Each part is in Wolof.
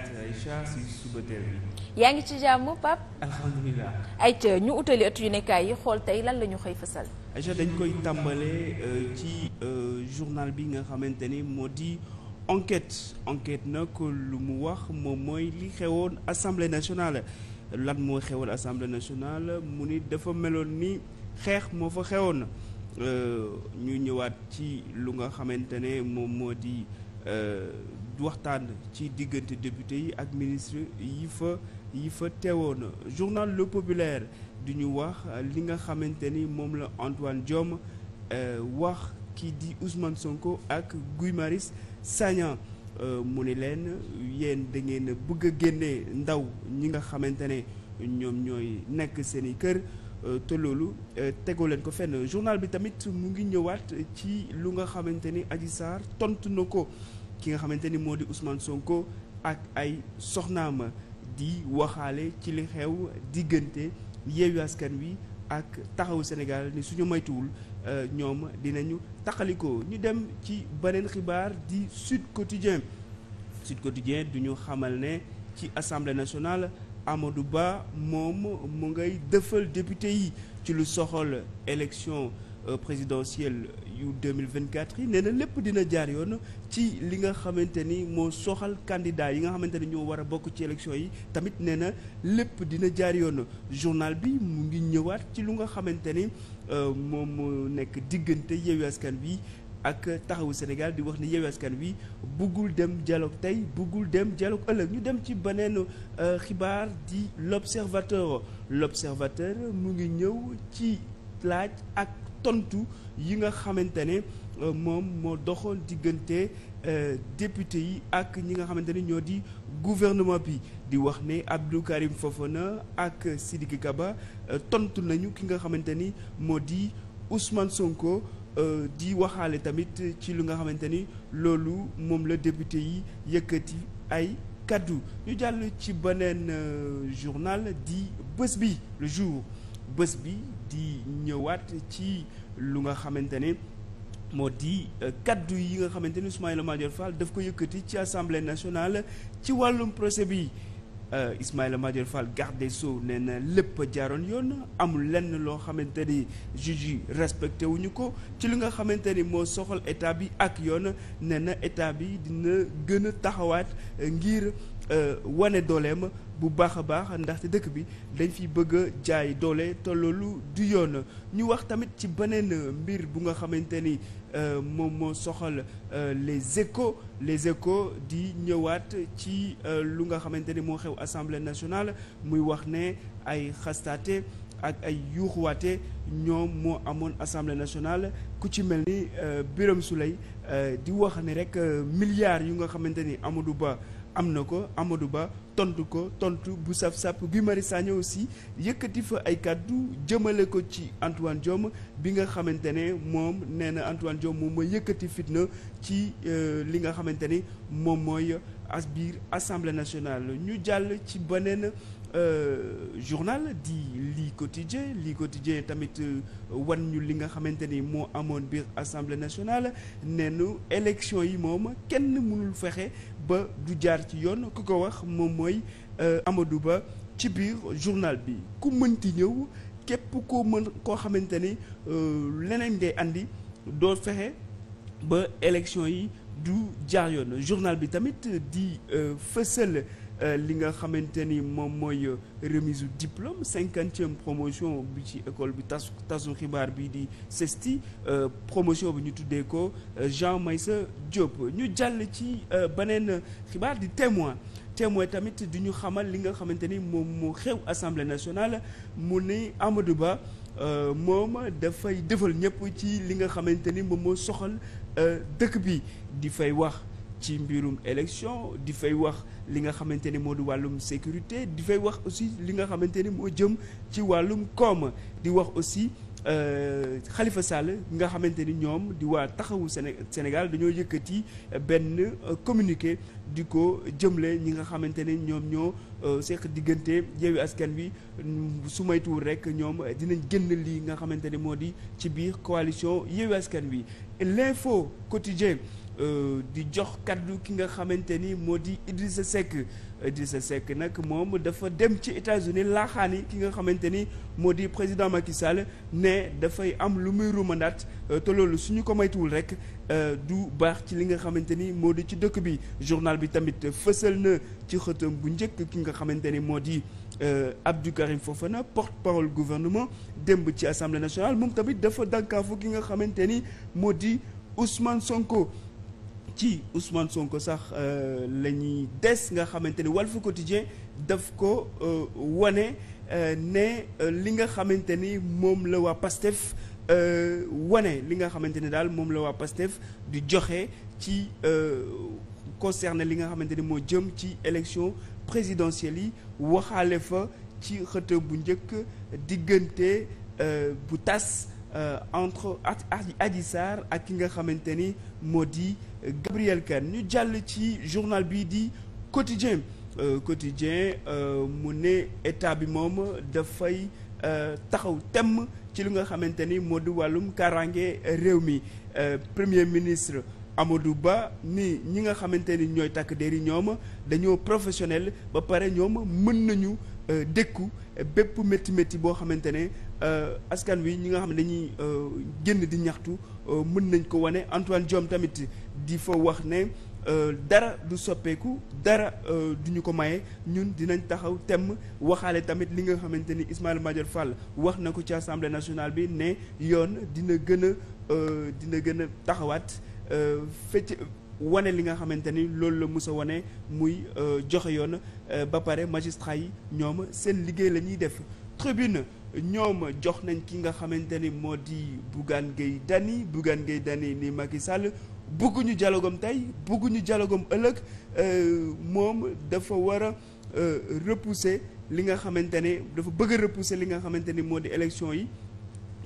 Aïcha si suba teel bi. yaa ngi ci jàmm Pape. ay ayca ñu utali ëtt yu yi xool tey lan la ñu xëy fasal. Aïcha dañ koy tàmbalee euh, ci euh, journal bi nga xamante ni moo di enquête enquête nag lu mu wax moom mooy li xewoon assemblée nationale lan moo xewoon assemblée nationale mu ni dafa meloon ni xeex moo fa xewoon na euh, ñu ñëwaat ci lu nga xamante ne moom moo di. waxtaan ci diggante député yi ak ministre yi fa yi fa teewoon journal Le Populaire di ñu wax li nga xamante ni moom la Antoine Diome euh, wax kii di Ousmane Sonko ak Guy Marius Sagna euh, mu ni leen yéen da ngeen bëgg a génne ndaw ñi nga xamante ne ñoom ñooy nekk seeni kër euh, te loolu tegoo leen ko fenn journal bi tamit mu ngi ñëwaat ci lu nga xamante ni Adji Sarr tontu na ko. ki nga xamante ni moo di Ousmane Sonko ak ay soxnaama di waxaale ci li xew diggante Yewwi Askan Wi ak Taxawu Sénégal ni suñu moytuwul euh, ñoom dinañu taqalikoo ñu dem ci beneen xibaar di Sud Quotidien Sud Quotidien du ñu xamal ne ci Assemblée nationale Amadou Ba moom mu ngay dëfal député yi ci lu soxal élection Euh, présidentielle yu 2024 yi nee na lépp dina jaar yoon ci li nga xamante ni moo soxal kandidaa yi nga xamante ni ñoo war a bokk ci élection yi tamit nee na lépp dina jaar yoon journal bi mu ngi ñëwaat ci lu nga xamante ni euh, moom moo nekk diggante Yewwi Askan Wi ak taxawu Sénégal di wax ni Yewwi Wi buggul dem dialogue tey buggul dem dialogue ëllëg ñu dem ci beneen euh, xibaar di l'observateur l'observateur mu ngi ñëw ci laaj ak tontu yi nga xamante ne euh, moom moo doxoon diggante euh, député yi ak ñi nga xamante ne ñoo di gouvernement bi di wax ne Abdou Karim Fofana ak Sidiki ba euh, tontu nañu ki nga xamante ni moo di Ousmane Sonko di waxaale tamit ci li nga xamante ni loolu moom la député yi yëkkati ay kaddu ñu jàll ci beneen journal di bés bi le jour. bés bi di ñëwaat ci lu nga xamante ne moo di euh, kaddu yi nga xamante ni Ismaïla Madior Fall daf ko yëkkati ci assemblée nationale ci wàllum procès bi euh, Ismaïla Madior Fall garde des Sceaux nee na lépp jaroon yoon amul lenn loo xamante ni juge yi respecté wuñu ko ci li nga xamante ni moo soxal état bi ak yoon nee na état bi dina gën a taxawaat euh, ngir wane dooleem. bu baax a baax ndaxte dëkk bi dañ fi bëgg a jaay doole te loolu du yoon ñu wax tamit ci beneen mbir bu nga xamante ni euh, moom moo soxal euh, les échos les échos di ñëwaat ci euh, lu nga xamante ni moo xew assemblée nationale muy wax ne ay xastaate ak ay yuuxuwaate ñoom moo amoon assemblée nationale ku ci mel ni biram Birame Souleye di wax ne rek milliards yu nga xamante ni Amadou Ba am na ko Amadou Ba tontu ko tontu bu saf sàpp Guy Marius Sagna aussi yëkkati fa ay kàddu jëmale ko ci Antoine Diome bi nga xamante ne moom nee na Antoine Diome moom mooy yëkkati fitna ci euh, li nga xamante ne moom mooy as biir assemblée nationale ñu jàll ci beneen euh, journal di lii quotidien lii quotidien tamit euh, wan ñu li nga xamante ni moo amoon biir assemblée nationale neenu nu yi moom kenn mënul fexe ba du jaar ci yoon ku ko wax moom mooy euh, amadu Ba ci biir journal bi ku mënti ñëw képp koo mën koo xamante ni euh, leneen ngay andi doo fexe ba élection yi du jaar yoon journal bi tamit di euh, fësal. Euh, li nga xamante ni moom mooy euh, remise du diplôme cinquantième promotion bi ci école bi tasu tasu xibaar bi di CESTI euh, promotion bi ñu tuddee ko Jean sa Diop ñu jàll ci beneen xibaar di témoin témoin tamit di ñu xamal li nga xamante ni moom moo xew assemblée nationale mu ne Amadou Ba moom dafay defal ñëpp ci li nga xamante ni moom moo soxal dëkk bi di fay wax ci mbirum élection di fay wax li nga xamante ni moo di wàllum sécurité di fay wax aussi li nga xamante ni moo jëm ci wàllum koom di wax aussi xalifa euh, Sall nga xamante ni ñoom di waa taxawu Sénégal dañoo yëkkati benn euh, communiqué di ko jëmle ñi nga xamante ne ñoom ñoo euh, seq diggante Yewwi Askan Wi su maytuwul rek ñoom dinañ génn lii nga xamante ne moo di ci biir coalition Yewwi Askan Wi l'info quotidien Euh, di jox kaddu ki nga xamante ni moo di Idrissa Seck Idrissa Seck nag moom dafa dem ci États-Unis laaxaani ki nga xamante ni moo di président Macky Sall ne dafay am lu muy rumandaat euh, te loolu suñu ko maytuwul rek euh, du baax ci li nga xamante ni moo di ci dëkk bi journal bi tamit fësal na ci xëtam bu njëkk ki nga xamante ni moo di Abdou Karim Fofana porte-parole gouvernement démb ci assemblée nationale moom tamit dafa dànkaafu ki nga xamante ni moo di Ousmane Sonko. ci Ousmane Sonko sax euh, la ñuy des nga xamante ne Walf Quotidien daf ko euh, wane euh, ne li nga xamante ni moom la waa PASTEF wane li nga xamante ne daal moom la waa PASTEF di joxe ci concerne li nga xamante ni moo jëm ci élection présidentielle yi waxaale fa ci xët bu njëkk diggante bu tas. Euh, entre Adji Sarr ak ki nga xamante ni moo di euh, Gabrielle ñu jàll ci journal bii di quotidien euh, quotidien mu ne état bi moom dafay taxaw temm ci li nga xamante ni moo di wàllum kaaraange réew mi premier ministre Amadou Ba ni ñi nga xamante ni ñooy takk deri ñoom dañoo professionnel ba pare ñoom mën nañu Euh, dékku euh, bépp métti métti boo xamante ne euh, askan wi ñi nga xam ne dañuy génn di ñaxtu mën nañ ko wane Antoine Diome tamit di fa wax ne dara du soppeeku dara du ñu ko maye ñun dinañ taxaw temm waxaale tamit li nga xamante ni Ismaïla Madior Fall wax na ko ci assemblée nationale bi ne yoon dina gën a dina gën a taxawaat fecc wane li nga xamante ni loolu la mës wane muy euh, joxe yoon euh, ba pare magistrat yi ñoom seen liggéey la ñuy def tribune ñoom jox nañ ki nga xamante ni moo di Bougane Gueye Dany Bougane Gueye Dany ni Macky Sall bugguñu dialogue tey bugguñu dialogue ëllëg euh, moom dafa war a repousser li nga xamante ne dafa bëgg a li nga xamante ni moo di élection yi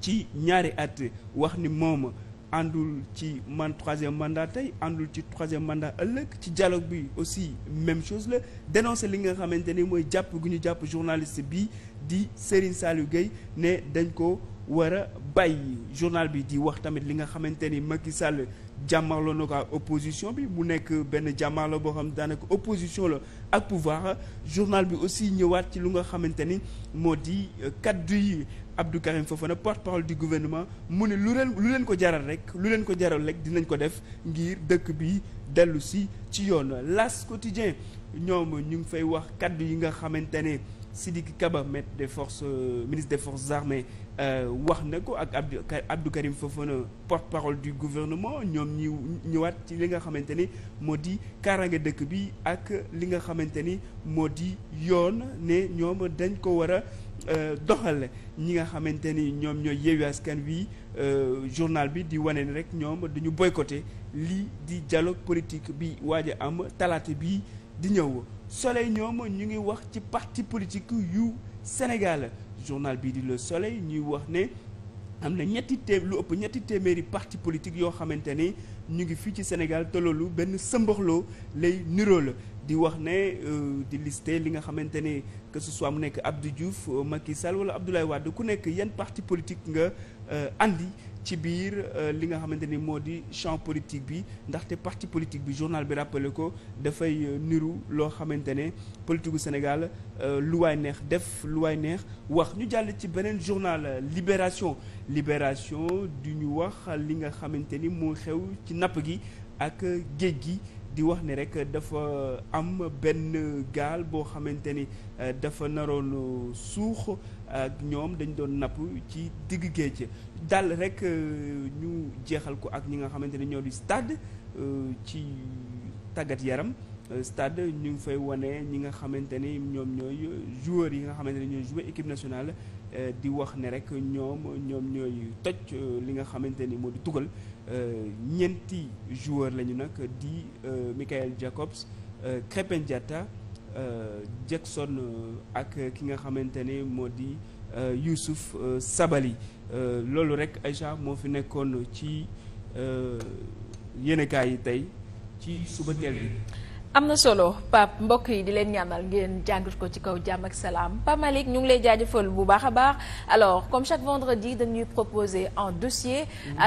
ci ñaari at wax ni moom àndul ci man troisième mandat tey àndul ci troisième mandat ëllëg ci dialogue bi aussi même chose la dénoncer li nga xamante ni mooy jàpp gu ñu jàpp journaliste bi di Serigne Saliou Gueye ne dañ ko war a bàyyi journal bi di wax tamit li nga xamante ni mag Macky Sall jàmmarloo na ko ak opposition bi mu nekk benn jàmmarloo boo xam daanaka opposition la ak pouvoir journal bi aussi ñëwaat ci lu nga xamante ni moo di kaddu yi Abdou Karim Fofana porte-parole du gouvernement mu ne lu leen lu leen ko jaral rek lu leen ko jaral rek dinañ ko def ngir dëkk bi dellu si ci yoon L'As Quotidien ñoom ñu ngi fay wax kaddu yi nga xamante ne Sidiki Kaba maître des forces euh, ministre de forces armées Euh, wax na ko ak Abdou Abdou Karim Fofana porte du gouvernement ñoom ñi ñëwaat ci li nga xamante ni moo di kaaraange dëkk bi ak li nga xamante ni moo di yoon ne ñoom dañ ko war a euh, doxal ñi nga xamante ni ñoom ñoo yeewi askan wi euh, journal bi di wane ni rek ñoom dañu boycotté lii di dialogue politique bi waaj a am talaata bi di ñëw Soleil ñoom ñu ngi wax ci parti politique yu Sénégal journal bii di la Soleil ñuy wax ne am na ñetti téeméeri parti politique yoo xamante ni ñu ngi fii ci senegal te loolu benn sëmbaxloo lay niroo la di wax ne euh, di lister li nga xamante ne que ce soit mu nekk Abdou Diouf euh, Macky Sall wala Abdoulaye Wade ku nekk yan parti politique nga euh, andi ci biir li nga xamante ni moo di champ politique bi ndaxte parti politique bi journal bi rappelé ko dafay niru loo xamante ne politique gu Sénégal lu waay neex def lu waay neex wax ñu jàll ci beneen journal Libération Libération du ñu wax li nga xamante ni moo xew ci napp gi ak géej gi. di wax ni rek dafa am benn gaal boo xamante ni euh, dafa naroon suux ak ñoom dañ doon napp ci digg géej dal rek euh, ñu jeexal ko ak ñi nga xamante ni ñoo di stade euh, ci tàggat yaram stade ñu ngi fay wane ñi nga xamante ni ñoom ñooy joueurs yi nga xamante ni ñooy joué équipe nationale di wax ne rek ñoom ñoom ñooy toj li nga xamante ni moo di tugal Euh, ñeenti joueur lañu nag di euh, Michael Jacobs Crépin euh, Diatta Jackson ak ki nga xamante ne moo di Youssouf Sabali loolu rek Aïcha moo fi nekkoon ci yéenekaay yi tey ci suba teel bi am na solo Pape mbokk yi di leen ñaanal ngeen jàngat ko ci kaw jàmm ak salaam Pape Malick ñu ngi lay jaajëfal bu baax a baax alors comme chaque vendredi dañuy proposer un dossier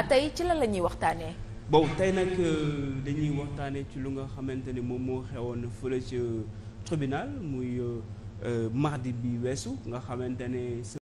tey ci lan la ñuy waxtaanee. bon tey nag euh, dañuy waxtaanee ci lu nga xamante ne moom moo xewoon fële ci tribunal muy euh, euh, mardi bi weesu nga xamante ne.